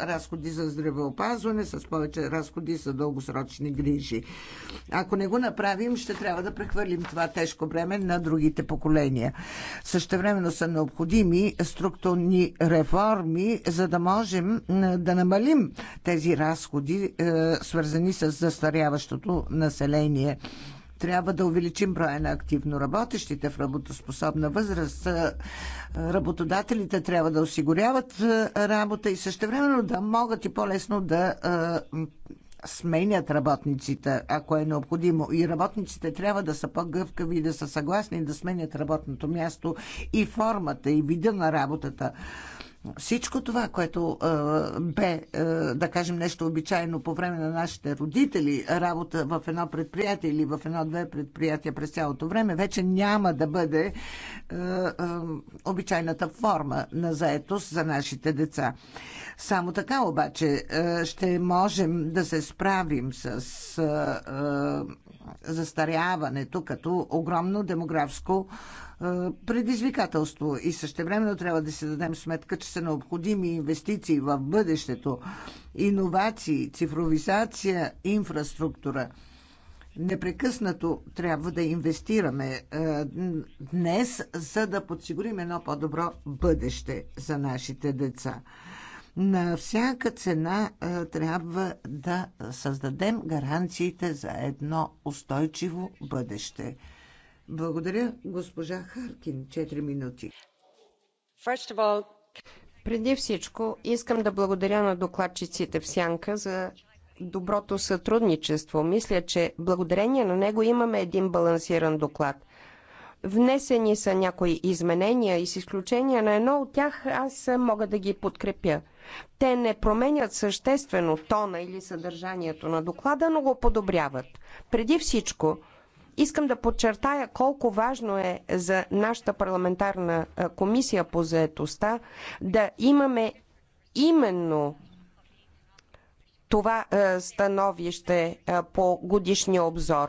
разходи за здравеопазване, с повече разходи за дългосрочни грижи. Ако не го направим, ще трябва да прехвърлим това тежко бреме на другите поколения. Същевременно са необходими структурни реформи, за да можем да намалим тези разходи е, свързани с застаряващото население. Трябва да увеличим броя на активно работещите в работоспособна възраст. Е, работодателите трябва да осигуряват е, работа и същевременно да могат и по-лесно да сменят работниците, ако е необходимо. И работниците трябва да са по-гъвкави и да са съгласни да сменят работното място и формата и вида на работата. Всичко това, което е, бе, е, да кажем, нещо обичайно по време на нашите родители, работа в едно предприятие или в едно-две предприятия през цялото време, вече няма да бъде е, е, обичайната форма на заетост за нашите деца. Само така обаче е, ще можем да се справим с е, е, застаряването като огромно демографско предизвикателство и същевременно трябва да си дадем сметка, че са необходими инвестиции в бъдещето, иновации, цифровизация, инфраструктура. Непрекъснато трябва да инвестираме днес, за да подсигурим едно по-добро бъдеще за нашите деца. На всяка цена трябва да създадем гаранциите за едно устойчиво бъдеще. Благодаря, госпожа Харкин. четири минути. All... Преди всичко, искам да благодаря на докладчиците в Сянка за доброто сътрудничество. Мисля, че благодарение на него имаме един балансиран доклад. Внесени са някои изменения и с изключение на едно от тях аз мога да ги подкрепя. Те не променят съществено тона или съдържанието на доклада, но го подобряват. Преди всичко, Искам да подчертая колко важно е за нашата парламентарна комисия по заетостта да имаме именно това становище по годишния обзор.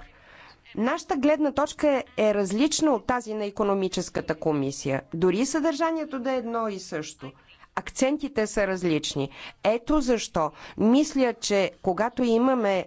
Нашата гледна точка е различна от тази на економическата комисия. Дори съдържанието да е едно и също. Акцентите са различни. Ето защо мисля, че когато имаме